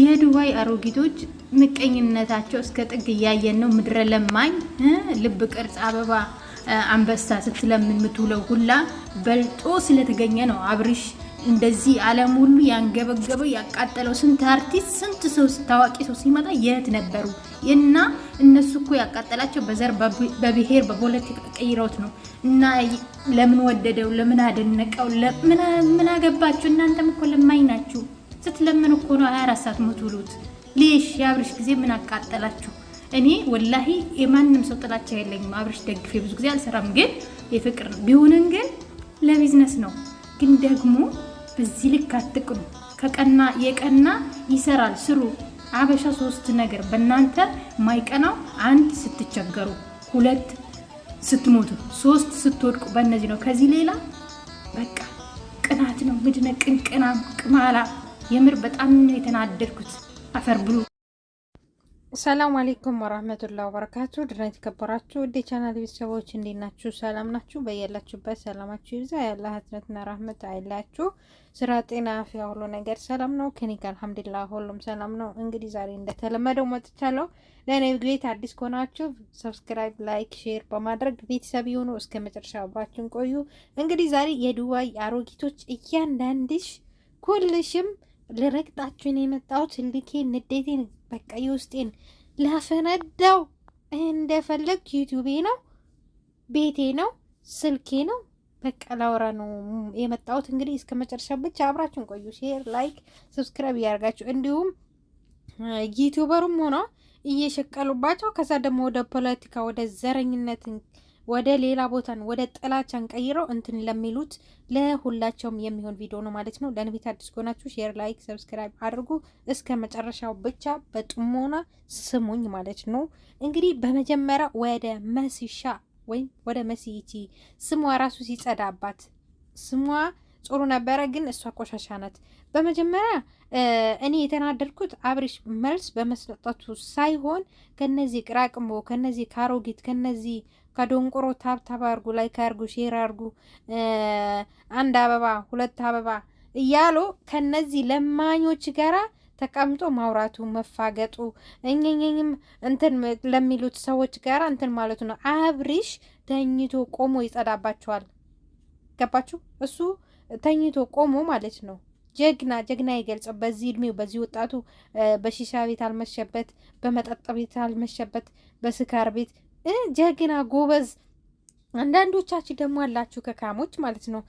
የዱባይ አሮጊቶች ምቀኝነታቸው እስከ ጥግ እያየን ነው። ምድረ ለማኝ ልብ ቅርጽ አበባ አንበሳ ስትለምን ምትውለው ሁላ በልጦ ስለተገኘ ነው አብርሽ እንደዚህ ዓለም ሁሉ ያንገበገበው ያቃጠለው። ስንት አርቲስት ስንት ሰው ታዋቂ ሰው ሲመጣ የት ነበሩ? እና እነሱ እኮ ያቃጠላቸው በዘር በብሔር በፖለቲካ ቀይረውት ነው። እና ለምን ወደደው? ለምን አደነቀው? ምን አገባችሁ? እናንተም እኮ ለማኝ ናችሁ። ስትለምን እኮ ነው ሀያ ሰዓት ምትውሉት። ሌሽ የአብርሽ ጊዜ ምን አቃጠላችሁ? እኔ ወላሂ የማንም ሰው ጥላቻ የለኝም። አብርሽ ደግፌ ብዙ ጊዜ አልሰራም፣ ግን የፍቅር ቢሆንም ግን ለቢዝነስ ነው። ግን ደግሞ በዚህ ልክ አትቅኑ። ከቀና የቀና ይሰራል። ስሩ አበሻ ሶስት ነገር በእናንተ ማይቀናው አንድ ስትቸገሩ፣ ሁለት ስትሞቱ፣ ሶስት ስትወድቁ፣ በእነዚህ ነው። ከዚህ ሌላ በቃ ቅናት ነው ምድነቅን ቅናም ቅማላ የምር በጣም ነው የተናደድኩት። አፈር ብሉ። ሰላም አሌይኩም ወራህመቱላ ወበረካቱ። ድና የተከበራችሁ ውዴ ቻናል ቤተሰቦች እንዴት ናችሁ? ሰላም ናችሁ? በያላችሁበት ሰላማችሁ ይብዛ። ያለ ህትነትና ራህመት አይላችሁ። ስራ፣ ጤና፣ አፍያ ሁሉ ነገር ሰላም ነው። ከኔ ጋር አልሐምዱላ ሁሉም ሰላም ነው። እንግዲህ ዛሬ እንደተለመደው መጥቻለሁ። ለእኔ ቤት አዲስ ከሆናችሁ ሰብስክራይብ፣ ላይክ፣ ሼር በማድረግ ቤተሰብ የሆኑ እስከ መጨረሻ አብራችሁን ቆዩ። እንግዲህ ዛሬ የዱባይ አሮጊቶች እያንዳንድሽ ኩልሽም ልረግጣችሁን የመጣሁት ልኬ ንዴቴን በቃ የውስጤን ላፈነዳው እንደፈለግ ዩቱቤ ነው ቤቴ ነው ስልኬ ነው በቃ ላውራ ነው የመጣሁት። እንግዲህ እስከ መጨረሻ ብቻ አብራችሁን ቆዩ። ሼር፣ ላይክ፣ ሰብስክራይብ እያደርጋችሁ እንዲሁም ዩቱበሩም ሆኖ እየሸቀሉባቸው ከዛ ደግሞ ወደ ፖለቲካ ወደ ዘረኝነትን ወደ ሌላ ቦታን ወደ ጥላቻን ቀይረው እንትን ለሚሉት ለሁላቸውም የሚሆን ቪዲዮ ነው ማለት ነው። ለእኔ አዲስ ከሆናችሁ ሼር፣ ላይክ፣ ሰብስክራይብ አድርጉ። እስከ መጨረሻው ብቻ በጥሞና ስሙኝ ማለት ነው። እንግዲህ በመጀመሪያ ወደ መሲሻ ወይም ወደ መሲይቺ ስሟ ራሱ ሲጸዳባት ስሟ ጥሩ ነበረ፣ ግን እሷ ቆሻሻ ናት። በመጀመሪያ እኔ የተናደድኩት አብርሽ መልስ በመስጠቱ ሳይሆን ከነዚህ ቅራቅምቦ ከነዚህ ካሮጊት ከነዚህ ከዶንቆሮ ታብታብ አርጉ፣ ላይክ አርጉ፣ ሼር አርጉ፣ አንድ አበባ ሁለት አበባ እያሉ ከነዚህ ለማኞች ጋራ ተቀምጦ ማውራቱ መፋገጡ እኝኝኝም እንትን ለሚሉት ሰዎች ጋራ እንትን ማለቱ ነው። አብሪሽ ተኝቶ ቆሞ ይጸዳባቸዋል። ገባችሁ? እሱ ተኝቶ ቆሞ ማለት ነው። ጀግና ጀግና ይገልጽ። በዚህ እድሜው በዚህ ወጣቱ በሺሻ ቤት አልመሸበት፣ በመጠጥ ቤት አልመሸበት፣ በስካር ቤት ጀግና ጎበዝ። አንዳንዶቻችን ደግሞ አላችሁ ከካሞች ማለት ነው።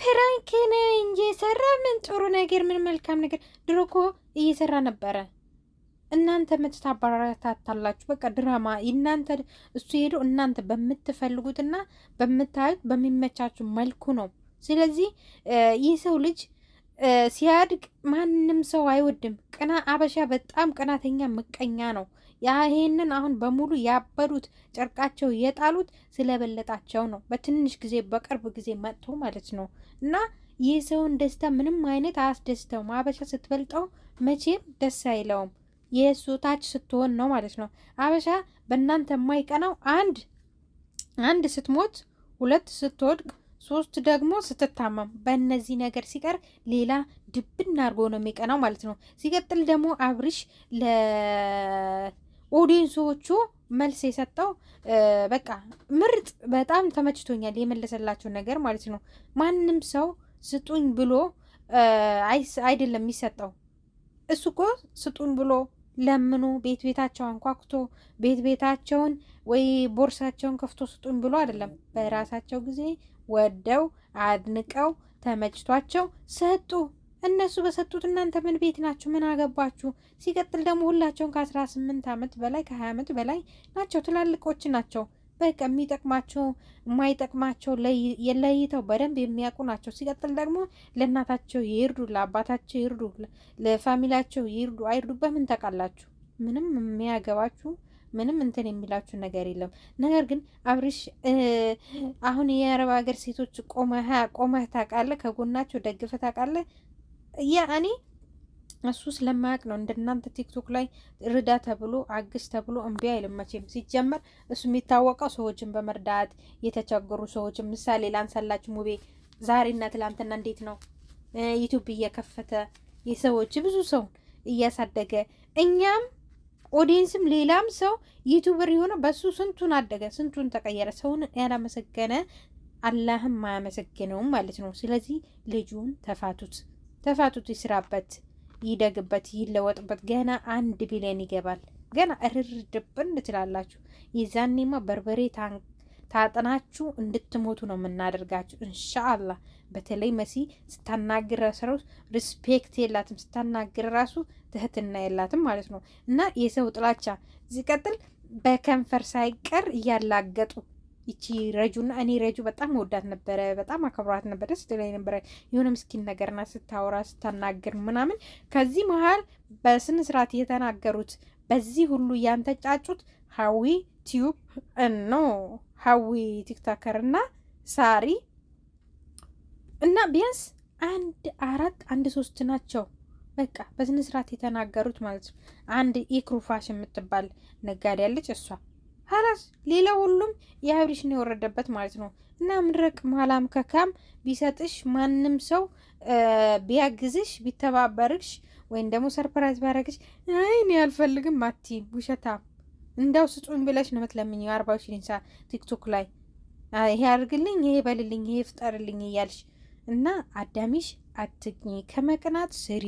ፕራንክ ነው እንጂ የሰራ ምን ጥሩ ነገር ምን መልካም ነገር። ድሮ እኮ እየሰራ ነበረ። እናንተ መች ታበረታታላችሁ? በቃ ድራማ እናንተ እሱ ሄዶ እናንተ በምትፈልጉትና በምታዩት በሚመቻችሁ መልኩ ነው። ስለዚህ ይህ ሰው ልጅ ሲያድግ ማንም ሰው አይወድም። ቅና አበሻ በጣም ቅናተኛ ምቀኛ ነው። ይሄንን አሁን በሙሉ ያበዱት ጨርቃቸው የጣሉት ስለበለጣቸው ነው። በትንሽ ጊዜ በቅርብ ጊዜ መጥቶ ማለት ነው እና ይህ ሰውን ደስታ ምንም አይነት አያስደስተውም። አበሻ ስትበልጠው መቼም ደስ አይለውም። የእሱ ታች ስትሆን ነው ማለት ነው። አበሻ በእናንተ የማይቀናው አንድ አንድ ስትሞት፣ ሁለት ስትወድቅ፣ ሶስት ደግሞ ስትታመም፣ በእነዚህ ነገር ሲቀር ሌላ ድብን አድርጎ ነው የሚቀናው ማለት ነው። ሲቀጥል ደግሞ አብርሽ ለ ኦዲንሶቹ መልስ የሰጠው በቃ ምርጥ በጣም ተመችቶኛል የመለሰላቸው ነገር ማለት ነው። ማንም ሰው ስጡኝ ብሎ አይደለም የሚሰጠው። እሱ እኮ ስጡኝ ብሎ ለምኑ ቤት ቤታቸው አንኳኩቶ ቤት ቤታቸውን ወይ ቦርሳቸውን ከፍቶ ስጡኝ ብሎ አይደለም። በራሳቸው ጊዜ ወደው አድንቀው ተመችቷቸው ሰጡ። እነሱ በሰጡት እናንተ ምን ቤት ናችሁ? ምን አገባችሁ? ሲቀጥል ደግሞ ሁላቸውን ከአስራ ስምንት ዓመት በላይ ከሀያ ዓመት በላይ ናቸው። ትላልቆች ናቸው። በቃ የሚጠቅማቸው የማይጠቅማቸው ለይተው በደንብ የሚያውቁ ናቸው። ሲቀጥል ደግሞ ለእናታቸው ይርዱ፣ ለአባታቸው ይርዱ፣ ለፋሚላቸው ይርዱ አይርዱ በምን ታውቃላችሁ? ምንም የሚያገባችሁ ምንም እንትን የሚላችሁ ነገር የለም። ነገር ግን አብርሽ አሁን የአረብ ሀገር ሴቶች ቆመህ ታውቃለህ? ከጎናቸው ደግፈህ ታውቃለህ? ያኔ እሱ ስለማያውቅ ነው እንደናንተ ቲክቶክ ላይ ርዳ ተብሎ አግዝ ተብሎ እምቢ አይልም መቼም። ሲጀመር እሱ የሚታወቀው ሰዎችን በመርዳት የተቸገሩ ሰዎችን ምሳሌ ላንሳላችሁ። ሙቤ ዛሬና ትላንትና እንዴት ነው ዩቱብ እየከፈተ የሰዎች ብዙ ሰው እያሳደገ እኛም ኦዲየንስም ሌላም ሰው ዩቱበር የሆነ በሱ ስንቱን አደገ፣ ስንቱን ተቀየረ። ሰውን ያላመሰገነ አላህም አያመሰግነውም ማለት ነው። ስለዚህ ልጁን ተፋቱት። ተፋቱት፣ ይስራበት፣ ይደግበት፣ ይለወጥበት። ገና አንድ ቢሊዮን ይገባል። ገና እርርድብን ትላላችሁ። ይዛኔማ በርበሬ ታጥናችሁ እንድትሞቱ ነው የምናደርጋችሁ። እንሻአላ በተለይ መሲ ስታናግር ሰረው ሪስፔክት የላትም ስታናግር ራሱ ትህትና የላትም ማለት ነው። እና የሰው ጥላቻ ሲቀጥል በከንፈር ሳይቀር እያላገጡ ይቺ ረጁና እኔ ረጁ በጣም ወዳት ነበረ፣ በጣም አከብሯት ነበረ። ደስ ላይ ነበረ የሆነ ምስኪን ነገርና ስታወራ ስታናግር ምናምን ከዚህ መሀል በስነ ስርዓት የተናገሩት በዚህ ሁሉ ያንተጫጩት ሀዊ ቲዩብ እኖ ሀዊ ቲክታከር እና ሳሪ እና ቢያንስ አንድ አራት አንድ ሶስት ናቸው። በቃ በስነ ስርዓት የተናገሩት ማለት ነው። አንድ ኢክሩ ፋሽን የምትባል ነጋዴ ያለች እሷ ሀላስ ሌላ ሁሉም የአብሪሽ ነው የወረደበት ማለት ነው። እና ምድረቅ ማላም ከካም ቢሰጥሽ ማንም ሰው ቢያግዝሽ ቢተባበርሽ ወይም ደግሞ ሰርፕራይዝ ቢያደርግሽ አይ እኔ አልፈልግም አትይም። እንዳው ስጡኝ ብለሽ ነው የምትለምኝ አርባ ሺህ ቲክቶክ ላይ ይሄ አድርግልኝ፣ ይሄ በልልኝ፣ ይሄ ፍጠርልኝ እያልሽ እና አዳሚሽ አትግኚ። ከመቅናት ስሪ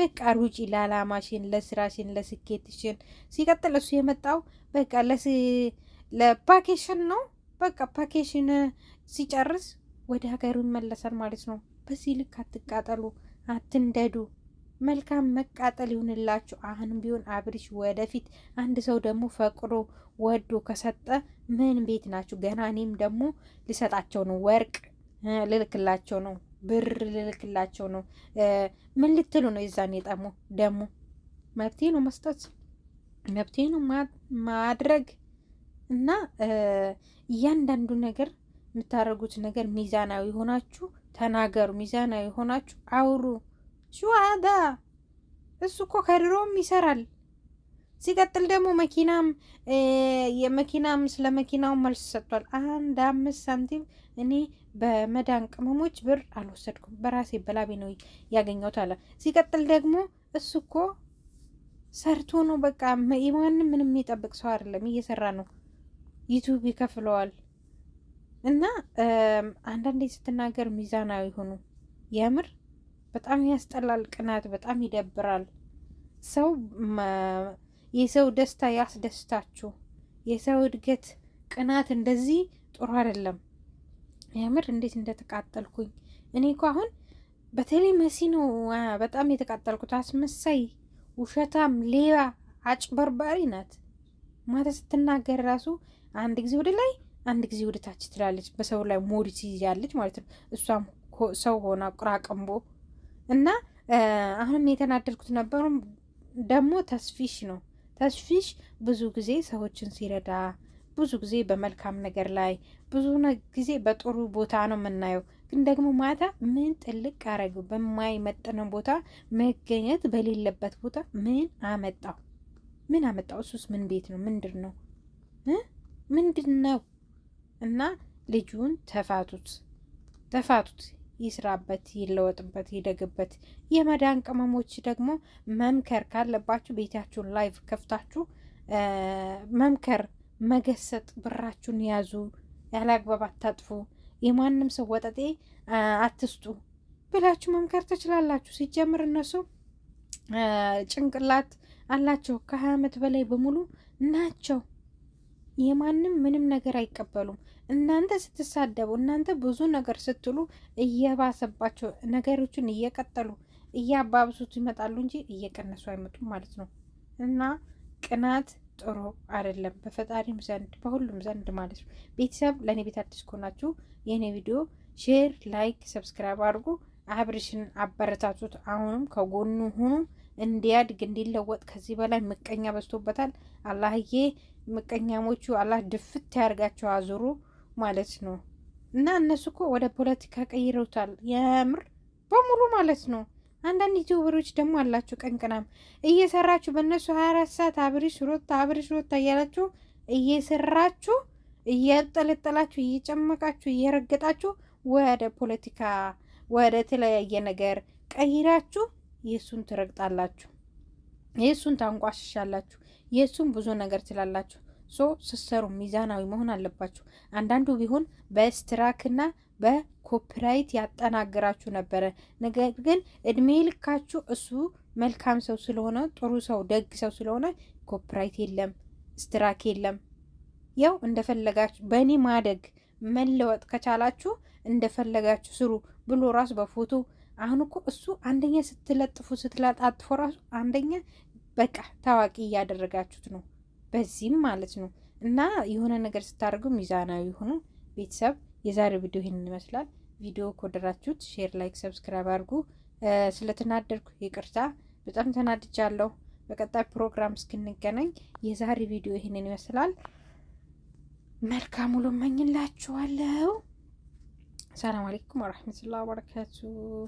በቃ ሩጪ ለአላማሽን፣ ለስራሽን፣ ለስኬትሽን። ሲቀጥል እሱ የመጣው በቃ ለፓኬሽን ነው። በቃ ፓኬሽን ሲጨርስ ወደ ሀገሩ ይመለሳል ማለት ነው። በዚህ ልክ አትቃጠሉ፣ አትንደዱ። መልካም መቃጠል ይሁንላችሁ። አሁንም ቢሆን አብርሽ ወደፊት አንድ ሰው ደግሞ ፈቅዶ ወዶ ከሰጠ ምን ቤት ናችሁ? ገና እኔም ደግሞ ልሰጣቸው ነው፣ ወርቅ ልልክላቸው ነው። ብር ልልክላቸው ነው። ምን ልትሉ ነው? የዛን የጠሙ ደሞ መብቴ ነው መስጠት መብቴ ነው ማድረግ እና እያንዳንዱ ነገር የምታደርጉት ነገር ሚዛናዊ ሆናችሁ ተናገሩ። ሚዛናዊ ሆናችሁ አውሩ። ሽዋዳ እሱ እኮ ከድሮም ይሰራል። ሲቀጥል ደግሞ መኪናም የመኪናም ስለ መኪናው መልስ ሰጥቷል። አንድ አምስት ሳንቲም እኔ በመዳን ቅመሞች ብር አልወሰድኩም በራሴ በላቤ ነው ያገኘሁት አለ። ሲቀጥል ደግሞ እሱ እኮ ሰርቶ ነው በቃ ማንም ምንም የሚጠብቅ ሰው አይደለም፣ እየሰራ ነው። ዩቱብ ይከፍለዋል። እና አንዳንዴ ስትናገር ሚዛናዊ ሆኑ። የምር በጣም ያስጠላል ቅናት፣ በጣም ይደብራል ሰው የሰው ደስታ ያስደስታችሁ። የሰው እድገት ቅናት እንደዚህ ጥሩ አይደለም። የምር እንዴት እንደተቃጠልኩኝ እኔ እኮ አሁን በተለይ መሲ ነው በጣም የተቃጠልኩት። አስመሳይ፣ ውሸታም፣ ሌባ፣ አጭበርባሪ ናት። ማታ ስትናገር ራሱ አንድ ጊዜ ወደ ላይ አንድ ጊዜ ወደ ታች ትላለች። በሰው ላይ ሞድ ትይዛለች ማለት ነው። እሷም ሰው ሆና ቁራቅንቦ እና አሁን የተናደድኩት ነበሩ ደግሞ ተስፊሽ ነው ተሽፊሽ ብዙ ጊዜ ሰዎችን ሲረዳ ብዙ ጊዜ በመልካም ነገር ላይ ብዙ ጊዜ በጥሩ ቦታ ነው የምናየው። ግን ደግሞ ማታ ምን ጥልቅ አረገው በማይመጥነው ቦታ መገኘት በሌለበት ቦታ ምን አመጣው? ምን አመጣው? እሱስ ምን ቤት ነው? ምንድን ነው? ምንድን ነው? እና ልጁን ተፋቱት፣ ተፋቱት። ይስራበት፣ ይለወጥበት፣ ይደግበት። የመዳን ቅመሞች ደግሞ መምከር ካለባችሁ ቤታችሁን ላይቭ ከፍታችሁ መምከር፣ መገሰጥ፣ ብራችሁን ያዙ፣ ያለ አግባብ አታጥፉ፣ የማንም ሰው ወጠጤ አትስጡ ብላችሁ መምከር ትችላላችሁ። ሲጀምር እነሱ ጭንቅላት አላቸው ከሀያ ዓመት በላይ በሙሉ ናቸው። የማንም ምንም ነገር አይቀበሉም። እናንተ ስትሳደቡ፣ እናንተ ብዙ ነገር ስትሉ እየባሰባቸው ነገሮችን እየቀጠሉ እያባብሱት ይመጣሉ እንጂ እየቀነሱ አይመጡም ማለት ነው። እና ቅናት ጥሩ አይደለም፣ በፈጣሪም ዘንድ በሁሉም ዘንድ ማለት ነው። ቤተሰብ ለእኔ ቤት አዲስ ከሆናችሁ የእኔ ቪዲዮ ሼር፣ ላይክ፣ ሰብስክራይብ አድርጉ። አብርሽን አበረታቱት። አሁንም ከጎኑ ሁኑ፣ እንዲያድግ እንዲለወጥ። ከዚህ በላይ ምቀኛ በዝቶበታል። አላህዬ ምቀኛሞቹ አላህ ድፍት ያርጋቸው አዙሩ ማለት ነው። እና እነሱ እኮ ወደ ፖለቲካ ቀይረውታል የምር በሙሉ ማለት ነው። አንዳንድ ዩቲዩበሮች ደግሞ አላችሁ ቀንቅናም እየሰራችሁ በእነሱ ሀያ አራት ሰዓት አብሪሽ ሮታ አብሪሽ ሮታ እያላችሁ እየሰራችሁ እያጠለጠላችሁ እየጨመቃችሁ እየረገጣችሁ ወደ ፖለቲካ ወደ ተለያየ ነገር ቀይራችሁ የእሱን ትረግጣላችሁ፣ የእሱን ታንቋሽሻላችሁ። የእሱም ብዙ ነገር ትላላችሁ። ሶ ስሰሩ ሚዛናዊ መሆን አለባችሁ። አንዳንዱ ቢሆን በስትራክና በኮፒራይት ያጠናግራችሁ ነበረ። ነገር ግን እድሜ ልካችሁ እሱ መልካም ሰው ስለሆነ ጥሩ ሰው ደግ ሰው ስለሆነ ኮፒራይት የለም ስትራክ የለም። ያው እንደፈለጋችሁ በእኔ ማደግ መለወጥ ከቻላችሁ እንደፈለጋችሁ ስሩ ብሎ ራሱ በፎቶ አሁን እኮ እሱ አንደኛ ስትለጥፉ ስትለጣጥፎ ራሱ አንደኛ በቃ ታዋቂ እያደረጋችሁት ነው። በዚህም ማለት ነው እና የሆነ ነገር ስታደርጉ ሚዛናዊ ሆኑ። ቤተሰብ የዛሬ ቪዲዮ ይህንን ይመስላል። ቪዲዮ ከወደዳችሁት ሼር፣ ላይክ፣ ሰብስክራይብ አድርጉ። ስለተናደድኩ ይቅርታ፣ በጣም ተናድጃለሁ። በቀጣይ ፕሮግራም እስክንገናኝ የዛሬ ቪዲዮ ይህንን ይመስላል። መልካም ውሎ እመኝላችኋለሁ። ሰላም አለይኩም ወረሕመቱላሂ ወበረካቱ።